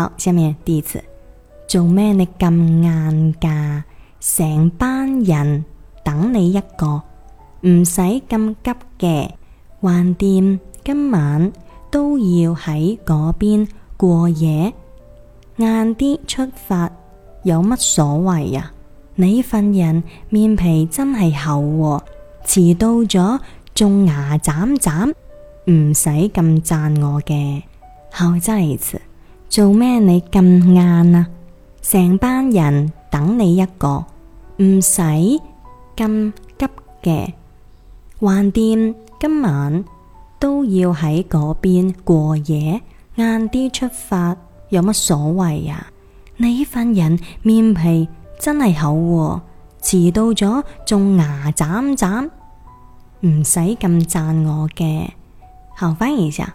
好，下面第二次做咩？你咁晏噶，成班人等你一個，唔使咁急嘅。橫掂今晚都要喺嗰邊過夜，晏啲出發有乜所謂啊？你份人面皮真係厚喎，遲到咗仲牙斬斬，唔使咁讚我嘅。後真係做咩你咁晏啊？成班人等你一個，唔使咁急嘅。橫掂，今晚都要喺嗰邊過夜，晏啲出發有乜所謂啊？你份人面皮真係厚喎，遲到咗仲牙斬斬，唔使咁讚我嘅。行翻譯一下。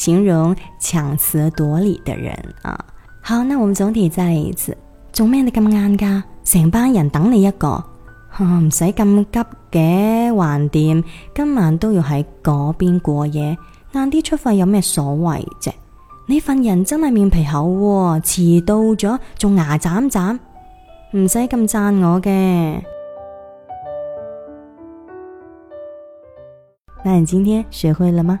形容強詞奪理嘅人啊。好，那我們總體再來一次。做咩你咁晏噶？成班人等你一個，唔使咁急嘅，橫掂，今晚都要喺嗰邊過夜，晏啲出發有咩所謂啫？你份人真係面皮厚喎，遲到咗仲牙斬斬，唔使咁讚我嘅。那你今天學會了嗎？